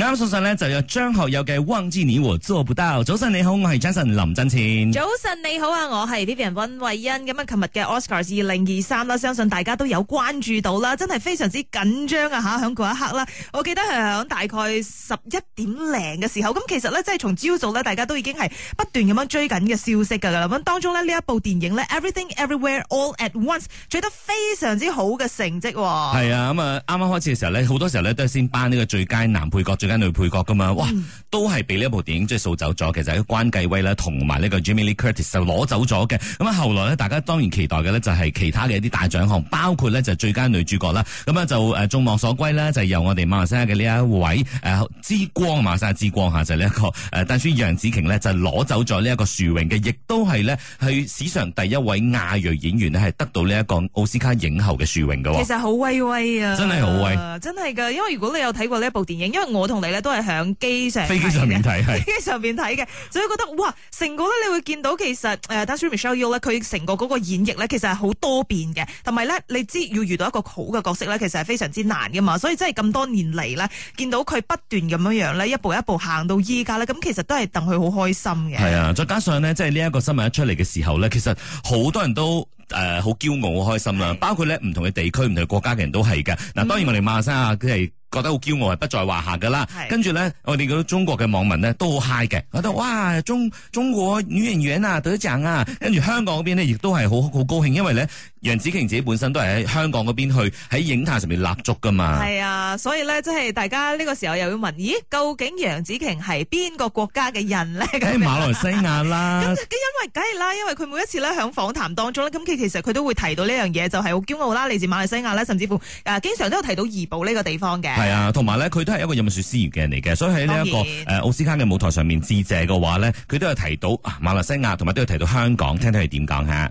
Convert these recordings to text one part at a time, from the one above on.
啱送上呢就有張學友嘅忘記你我做不到。早晨你好，我係 Jason 林振前。早晨你好啊，我係 Vivian 溫慧欣。咁啊，琴日嘅 Oscar 二零二三啦，相信大家都有關注到啦，真係非常之緊張啊吓，喺嗰一刻啦。我記得係喺大概十一點零嘅時候，咁其實咧即係從朝早咧，大家都已經係不斷咁樣追緊嘅消息噶啦。咁當中咧呢一部電影咧 Everything Everywhere All at Once 取得非常之好嘅成績。係啊，咁啊啱啱開始嘅時候咧，好多時候咧都係先頒呢個最佳男配角最。間女配角噶嘛，哇，都係被呢一部電影即係掃走咗。其實喺關繼威咧，同埋呢個 Jimmy Lee Curtis 就攞走咗嘅。咁啊，後來咧，大家當然期待嘅呢，就係其他嘅一啲大獎項，包括呢就係最佳女主角啦。咁啊就誒眾望所歸呢就，所歸就由我哋馬來西亞嘅呢一位誒、啊、之光，馬來西亞之光吓、這個，呃、就呢一個誒，但係雖然楊紫瓊呢，就攞走咗呢一個殊榮嘅，亦都係呢，係史上第一位亞裔演員呢，係得到呢一個奧斯卡影后嘅殊榮嘅。其實好威威啊！真係好威，真係噶。因為如果你有睇過呢一部電影，因為我同嚟都係響機上，飛機上邊睇，飛機上邊睇嘅，所以覺得哇，成個咧你會見到其實誒 Tan Sri Michelle Yeoh 咧，佢成個嗰個演繹咧，其實係好多變嘅，同埋咧，你知要遇到一個好嘅角色咧，其實係非常之難噶嘛，所以真係咁多年嚟咧，見到佢不斷咁樣樣咧，一步一步行到依家咧，咁其實都係戥佢好開心嘅。係啊，再加上咧，即係呢一個新聞一出嚟嘅時候咧，其實好多人都誒好、呃、驕傲、好開心啦包括咧唔同嘅地區、唔同嘅國家嘅人都係噶。嗱，當然我哋、嗯、馬生啊，即係。覺得好驕傲係不在話下噶啦，跟住咧我哋嗰中國嘅網民呢，都好嗨嘅，覺得哇中中國女演員啊得獎啊，跟住香港嗰邊呢，亦都係好好高興，因為咧楊紫瓊自己本身都係喺香港嗰邊去喺影壇上面立足噶嘛。係啊，所以咧即係大家呢個時候又要問，咦究竟楊紫瓊係邊個國家嘅人咧？馬來西亞啦。咁因為梗係啦，因為佢每一次咧響訪談當中咧，咁其實佢都會提到呢樣嘢，就係好驕傲啦，嚟自馬來西亞呢，甚至乎啊經常都有提到怡保呢個地方嘅。係啊，同埋咧，佢都係一個有飲水思源嘅人嚟嘅，所以喺呢一個誒奧斯卡嘅舞台上面致謝嘅話咧，佢都有提到、啊、馬來西亞，同埋都有提到香港，聽聽係點講吓。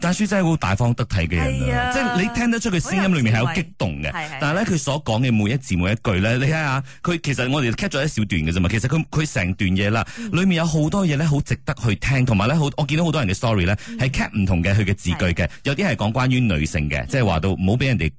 但係書真係好大方得體嘅人啦、啊啊，即係你聽得出佢聲音裏面係好激動嘅。是是是是但係咧，佢所講嘅每一字每一句咧，你睇下佢，其實我哋 cut 咗一小段嘅啫嘛，其實佢佢成段嘢啦，裏、嗯、面有好多嘢咧，好值得去聽，同埋咧好我見到好多人嘅 story 咧，係 cut 唔同嘅佢嘅字句嘅，嗯、有啲係講關於女性嘅，即係話到唔好俾人哋。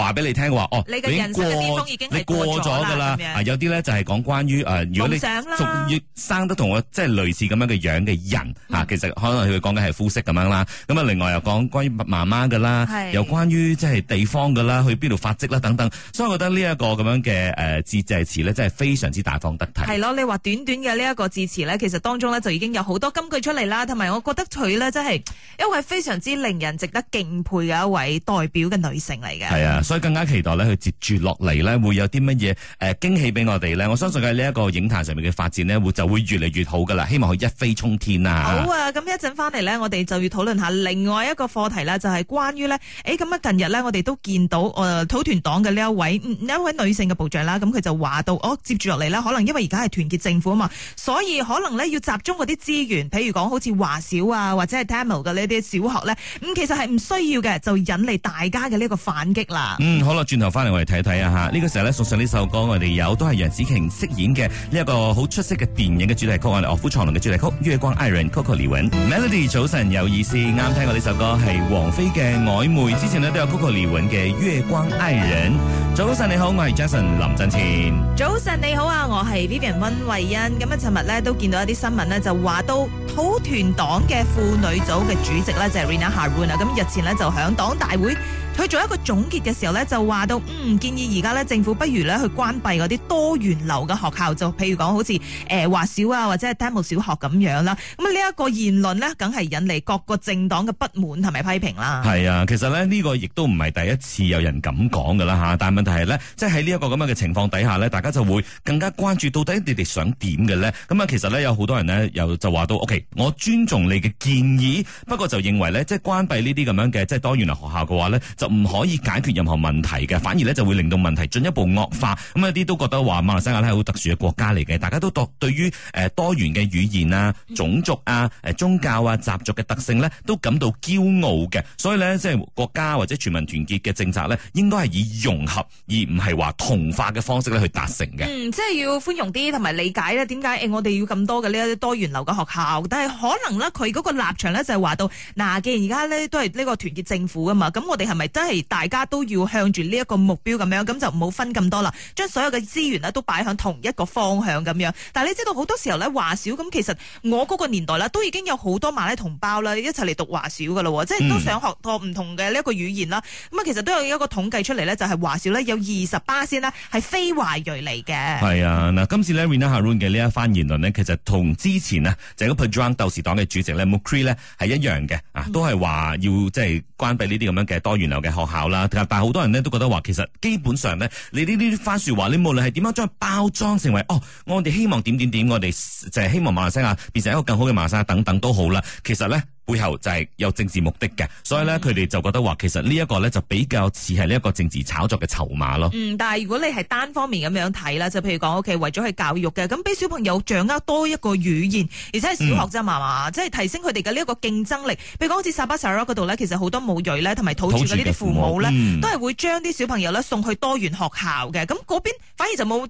話俾你聽話，哦，你人生地方已經過，你過咗噶啦，有啲咧就係講關於誒，如果你仲生得同我、嗯、即係類似咁樣嘅樣嘅人，吓、嗯，其實可能佢講緊係膚色咁樣啦。咁、嗯、啊，另外又講關於媽媽噶啦、嗯，又關於即係地方噶啦，去邊度發跡啦等等。所以我覺得這這、呃、祭祭祭呢一個咁樣嘅誒致詞咧，真係非常之大方得體。係咯，你話短短嘅呢一個致詞咧，其實當中咧就已經有好多金句出嚟啦，同埋我覺得佢咧真係一位非常之令人值得敬佩嘅一位代表嘅女性嚟嘅。係啊。所以更加期待咧，佢接住落嚟咧，會有啲乜嘢誒驚喜俾我哋咧？我相信喺呢一個影壇上面嘅發展咧，會就會越嚟越好噶啦！希望佢一飛沖天啊！好啊！咁一陣翻嚟呢，我哋就要討論下另外一個課題啦，就係關於呢，誒咁啊！近日呢，我哋都見到誒、呃、土團黨嘅呢一位一位女性嘅部長啦，咁佢就話到，哦，接住落嚟呢，可能因為而家係團結政府啊嘛，所以可能呢要集中嗰啲資源，譬如講好似華小啊，或者係 Tamil 嘅呢啲小學呢。」咁其實係唔需要嘅，就引嚟大家嘅呢個反擊啦。嗯，好啦，轉頭翻嚟我哋睇睇啊吓，呢、這個時候咧送上呢首歌，我哋有都係楊紫瓊飾演嘅呢一個好出色嘅電影嘅主題曲，我、嗯、哋《卧虎藏龍》嘅主題曲《月光愛人》Coco 李玟，Melody 早晨有意思，啱聽過呢首歌係王菲嘅曖昧，之前呢，都有 Coco 李玟嘅《月光愛人》。早晨你好，我係 Jason 林振前。早晨你好啊，我係 Vivian 溫慧欣。咁啊，尋日咧都見到一啲新聞咧，就話到土團黨嘅婦女組嘅主席咧就係 Rina Haruna。咁日前咧就響黨大會去做一個總結嘅時候咧，就話到嗯建議而家咧政府不如咧去關閉嗰啲多源流嘅學校，就譬如講好似誒華小啊或者係 Demo 小學咁樣啦。咁啊呢一個言論咧，梗係引嚟各個政黨嘅不滿同埋批評啦。係啊，其實咧呢個亦都唔係第一次有人咁講噶啦吓，但係。但係咧，即係喺呢一個咁樣嘅情況底下呢，大家就會更加關注到底你哋想點嘅呢？咁啊，其實呢，有好多人呢，又就話到，OK，我尊重你嘅建議，不過就認為呢，即係關閉呢啲咁樣嘅即係多元學校嘅話呢，就唔可以解決任何問題嘅，反而呢，就會令到問題進一步惡化。咁一啲都覺得話馬來西亞呢係好特殊嘅國家嚟嘅，大家都對對於誒多元嘅語言啊、種族啊、宗教啊、習俗嘅特性呢，都感到驕傲嘅。所以呢，即係國家或者全民團結嘅政策呢，應該係以融合。而唔係話同化嘅方式咧去達成嘅，嗯，即係要寬容啲，同埋理解咧。點解誒，我哋要咁多嘅呢一啲多元流嘅學校？但係可能咧，佢嗰個立場咧就係話到，嗱，既然而家咧都係呢個團結政府啊嘛，咁我哋係咪真係大家都要向住呢一個目標咁樣，咁就唔好分咁多啦，將所有嘅資源咧都擺向同一個方向咁樣。但係你知道好多時候咧華小咁，其實我嗰個年代啦都已經有好多馬拉同胞啦一齊嚟讀華小噶喎。即係都想學個唔同嘅呢一個語言啦。咁啊，其實都有一個統計出嚟咧，就係華小咧。有二十巴仙啦，係非華裔嚟嘅。係啊，嗱，今次咧 Rina Harun 嘅呢一番言論呢，其實同之前呢就係個 Perdana 鬥士黨嘅主席咧 Mukri 咧係一樣嘅啊、嗯，都係話要即係關閉呢啲咁樣嘅多元流嘅學校啦。但係好多人呢，都覺得話，其實基本上呢，你呢啲番薯話，你無論係點樣將佢包裝成為哦，我哋希望點點點，我哋就係希望馬來西亞變成一個更好嘅馬來西亞等等都好啦。其實呢。背後就係有政治目的嘅，所以咧佢哋就覺得話，其實呢一個咧就比較似係呢一個政治炒作嘅籌碼咯。嗯，但係如果你係單方面咁樣睇啦，就譬如講屋企為咗去教育嘅，咁俾小朋友掌握多一個語言，而且係小學啫嘛、嗯、嘛，即、就、係、是、提升佢哋嘅呢一個競爭力。譬如講，好似沙巴、沙拉嗰度咧，其實好多母語咧，同埋土著嘅呢啲父母咧、嗯，都係會將啲小朋友咧送去多元學校嘅，咁嗰邊反而就冇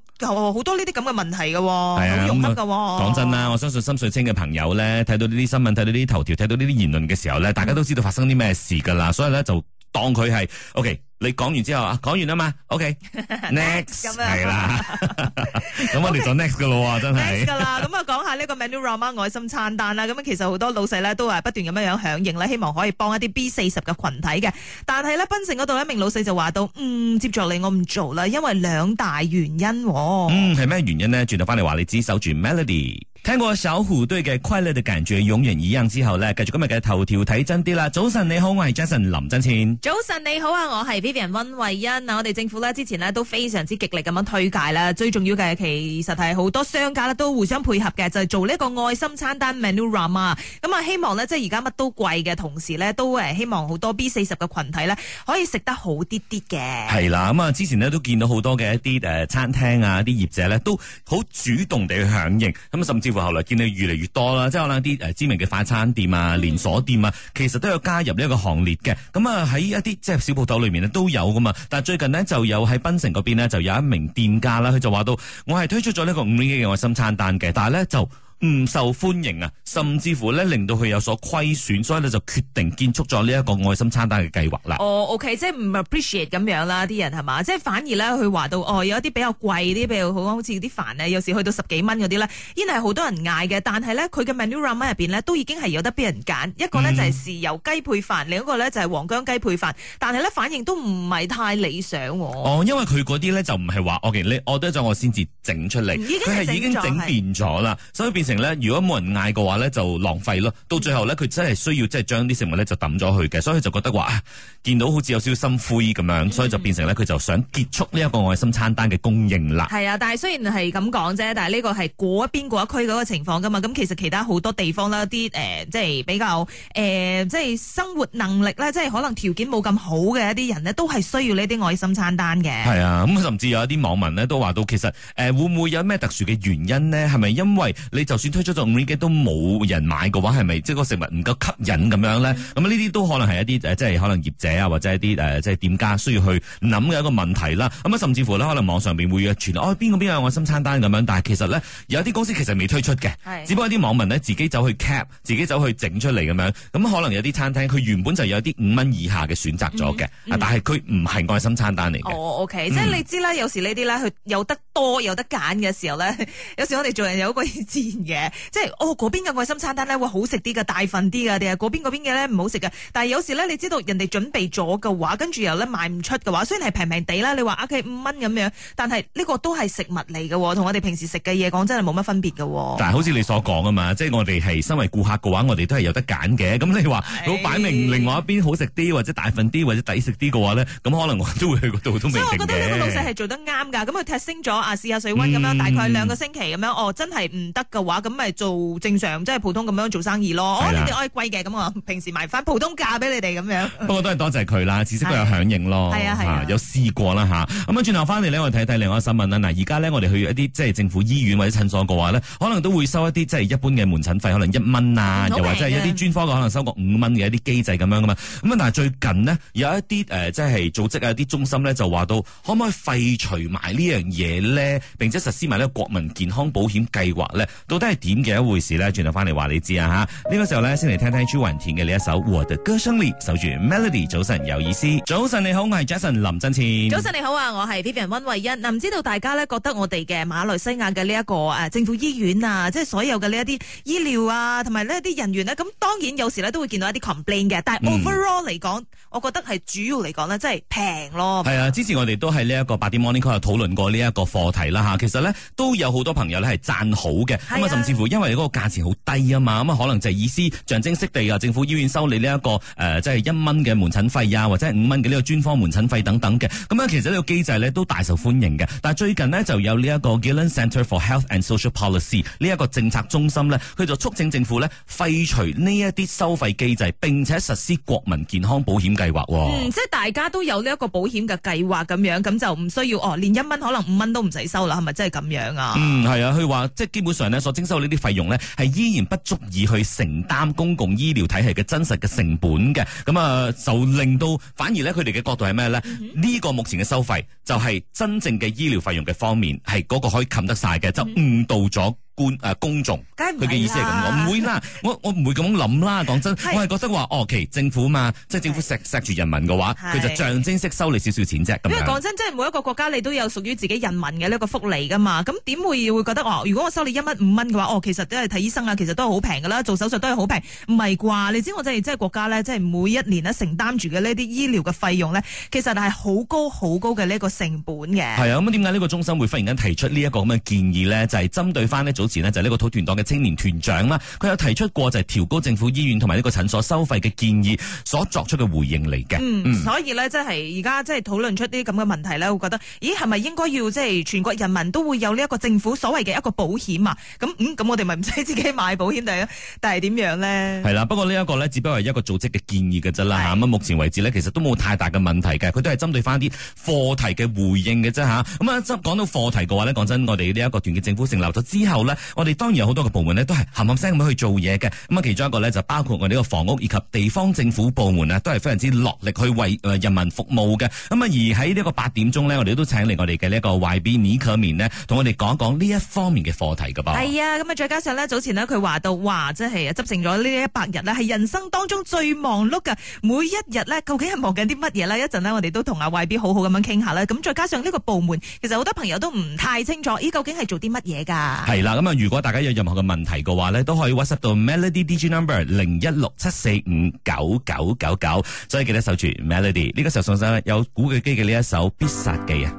好多呢啲咁嘅問題嘅，好融洽嘅。講真啦，我相信心水清嘅朋友咧，睇到呢啲新聞，睇到呢啲頭條，睇到呢。啲言論嘅時候咧，大家都知道發生啲咩事噶啦、嗯，所以咧就當佢係 O K。Okay, 你講完之後啊，講完啊嘛，O K，next 係啦，咁、okay, 我哋就 next 噶啦，真係。咁啊， 就講下呢個 Melody 媽媽愛心餐單啦。咁其實好多老細咧都係不斷咁樣樣響應啦，希望可以幫一啲 B 四十嘅群體嘅。但係咧，檳城嗰度一名老細就話到，嗯，接住你我唔做啦，因為兩大原因。嗯，係咩原因咧？轉頭翻嚟話，你只守住 Melody。聽過小虎隊嘅《快樂嘅感覺》永遠一樣之後呢，繼續今日嘅頭條睇真啲啦。早晨你好，我係 Jason 林振倩。早晨你好啊，我係 Vivian 溫慧欣啊。我哋政府呢，之前呢都非常之極力咁樣推介啦。最重要嘅其實係好多商家呢都互相配合嘅，就係，做呢個愛心餐單 menurama。咁啊，希望呢即係而家乜都貴嘅同時呢，都誒希望好多 B 四十嘅群體呢可以食得好啲啲嘅。係啦，咁啊之前呢都見到好多嘅一啲誒餐廳啊，啲業者呢都好主動地去響應，咁啊甚至。後來見到越嚟越多啦，即係可能啲誒知名嘅快餐店啊、連鎖店啊，其實都有加入呢個行列嘅。咁啊，喺一啲即係小鋪頭裏面咧都有噶嘛。但係最近呢，就有喺檳城嗰邊呢，就有一名店家啦，佢就話到我係推出咗呢個五蚊嘅愛心餐單嘅，但係咧就。唔受歡迎啊，甚至乎咧令到佢有所虧損，所以咧就決定建築咗呢一個愛心餐單嘅計劃啦。哦、oh,，OK，即係唔 appreciate 咁樣啦，啲人係嘛，即係反而咧佢話到哦，有一啲比較貴啲，比如好好似啲飯咧，有時去到十幾蚊嗰啲咧，依然係好多人嗌嘅。但係咧佢嘅 menu run 入邊咧，都已經係有得俾人揀。一個呢，嗯、就係、是、豉油雞配飯，另一個咧就係、是、黃薑雞配飯。但係咧反應都唔係太理想。哦，oh, 因為佢嗰啲咧就唔係話，OK，你我得咗我先至整出嚟，已佢係已經整變咗啦，所以變成。如果冇人嗌嘅話呢，就浪費咯。到最後呢，佢真係需要即係將啲食物呢就抌咗佢嘅，所以佢就覺得話見、啊、到好似有少少心灰咁樣，所以就變成呢，佢就想結束呢一個愛心餐單嘅供應啦。係啊，但係雖然係咁講啫，但係呢個係嗰一邊嗰一區嗰個情況噶嘛。咁其實其他好多地方啦，啲誒、呃、即係比較誒、呃、即係生活能力呢，即係可能條件冇咁好嘅一啲人呢，都係需要呢啲愛心餐單嘅。係啊，咁甚至有一啲網民呢，都話到，其實誒、呃、會唔會有咩特殊嘅原因呢？係咪因為你就？就算推出咗五蚊嘅都冇人買嘅話，係咪即係個食物唔夠吸引咁樣咧？咁呢啲都可能係一啲、呃、即係可能業者啊，或者一啲誒、呃、即係店家需要去諗嘅一個問題啦。咁、嗯、啊，甚至乎咧，可能網上邊會傳傳，哦邊個邊個愛心餐單咁樣，但係其實咧，有啲公司其實未推出嘅，只不過啲網民咧自己走去 cap，自己走去整出嚟咁樣，咁、嗯嗯、可能有啲餐廳佢原本就有啲五蚊以下嘅選擇咗嘅，但係佢唔係愛心餐單嚟嘅。哦，OK，即係你知啦，有時呢啲咧，佢有得多有得揀嘅時候咧，有時我哋做人有一個。嘅，即係哦嗰邊嘅愛心餐單咧會好食啲嘅，大份啲嘅，定係嗰邊嗰邊嘅咧唔好食嘅？但係有時咧，你知道人哋準備咗嘅話，跟住又咧賣唔出嘅話，雖然係平平地啦，你話啊佢五蚊咁樣，但係呢個都係食物嚟嘅喎，同我哋平時食嘅嘢講真係冇乜分別嘅喎。但係好似你所講啊嘛，即係我哋係身為顧客嘅話，我哋都係有得揀嘅。咁你話，如果擺明另外一邊好食啲，或者大份啲，或者抵食啲嘅話咧，咁可能我都會去嗰度都唔定嘅。所以我覺得呢個老細係做得啱㗎。咁佢踢升咗啊，試下水溫咁樣，大概兩個星期咁樣。哦，真係唔得嘅話咁咪做正常即係、就是、普通咁樣做生意咯哦，你哋可以貴嘅，咁啊，平時賣翻普通價俾你哋咁樣。 不過都係多謝佢啦，至少佢有響應咯係、啊、有試過啦吓。咁啊，轉頭翻嚟，咧我哋睇睇另外一新聞啦。嗱、啊，而家咧，我哋去一啲即係政府醫院或者診所嘅話呢，可能都會收一啲即係一般嘅門診費，可能一蚊啊，又或者係一啲專科嘅可能收個五蚊嘅一啲機制咁樣啊嘛。咁但係最近呢，有一啲誒、呃，即係組織啊，一啲中心呢，就話到，可唔可以廢除埋呢樣嘢呢？並且實施埋呢個國民健康保險計劃呢。到即係點嘅一回事呢？轉頭翻嚟話你知啊吓。呢個時候呢，先嚟聽聽朱雲天嘅呢一首《我的歌聲裏守住 Melody》早。早晨有意思，早晨你好，我係 Jason 林振前。早晨你好啊，我係 Vivian 溫慧欣。嗱，唔知道大家呢覺得我哋嘅馬來西亞嘅呢一個政府醫院啊，即係所有嘅呢一啲醫療啊，同埋呢一啲人員呢，咁當然有時呢都會見到一啲 complain 嘅，但係 overall 嚟講，我覺得係主要嚟講呢即係平咯。係啊，之前我哋都喺呢一個八點 morning call 討論過呢一個課題啦吓。其實呢都有好多朋友呢係讚好嘅。甚至乎，因為嗰個價錢好低啊嘛，咁啊可能就意思象徵式地啊，政府醫院收你呢一個誒，即係一蚊嘅門診費啊，或者係五蚊嘅呢個專科門診費等等嘅。咁樣其實呢個機制咧都大受歡迎嘅。但係最近呢就有呢一個 Gillan Centre for Health and Social Policy 呢一個政策中心呢，佢就促請政府呢，廢除呢一啲收費機制，並且實施國民健康保險計劃。嗯，即係大家都有呢一個保險嘅計劃咁樣，咁就唔需要哦，連一蚊可能五蚊都唔使收啦，係咪真係咁樣啊？嗯，係啊，佢話即係基本上呢，所收呢啲費用呢，係依然不足以去承擔公共醫療體系嘅真實嘅成本嘅，咁啊就令到反而呢，佢哋嘅角度係咩呢？呢個目前嘅收費就係真正嘅醫療費用嘅方面，係嗰個可以冚得晒嘅，就誤導咗。嗯官誒、啊、公眾，佢嘅、啊、意思係咁講，唔會啦，我我唔會咁諗啦，講真，我係覺得話，哦，其政府啊嘛，即、就、係、是、政府錫錫住人民嘅話，佢就象徵式收你少少錢啫。因為講真，即係每一個國家，你都有屬於自己人民嘅呢個個福利噶嘛，咁點會會覺得哦？如果我收你一蚊五蚊嘅話，哦，其實都係睇醫生啊，其實都係好平噶啦，做手術都係好平，唔係啩？你知我係即係國家咧，即係每一年咧承擔住嘅呢啲醫療嘅費用咧，其實係好高好高嘅呢一個成本嘅。係啊，咁點解呢個中心會忽然間提出呢一個咁嘅建議咧？就係、是、針對翻呢。前咧就呢個土團黨嘅青年團長啦，佢有提出過就係調高政府醫院同埋呢個診所收費嘅建議，所作出嘅回應嚟嘅、嗯嗯。所以呢，即係而家即係討論出啲咁嘅問題呢會覺得，咦，係咪應該要即係全國人民都會有呢一個政府所謂嘅一個保險啊？咁、嗯、咁我哋咪唔使自己買保險第但係點樣呢？係啦，不過呢一個呢，只不過係一個組織嘅建議嘅啫啦吓。咁目前為止呢，其實都冇太大嘅問題嘅，佢都係針對翻啲課題嘅回應嘅啫吓。咁啊，講到課題嘅話呢，講真，我哋呢一個團結政府成立咗之後呢。我哋當然有好多嘅部門呢都係冚冚聲咁去做嘢嘅。咁啊，其中一個呢，就包括我哋個房屋以及地方政府部門呢都係非常之落力去為人民服務嘅。咁啊，而喺呢個八點鐘 YB, 呢，我哋都請嚟，我哋嘅呢個 YB 倪可敏呢，同我哋講講呢一方面嘅課題噶噃係啊，咁啊，再加上呢，早前呢，佢話到話，即係執政咗呢一百日呢係人生當中最忙碌嘅。每一日呢，究竟係忙緊啲乜嘢呢？一陣呢，我哋都同阿 YB 好好咁樣傾下啦。咁再加上呢個部門，其實好多朋友都唔太清楚，咦，究竟係做啲乜嘢噶？係啦。咁啊！如果大家有任何嘅問題嘅話咧，都可以 WhatsApp 到 Melody DJ Number 零一六七四五九九九九，所以記得守住 Melody。呢個時候送上咧，有古巨基嘅呢一首必殺技啊！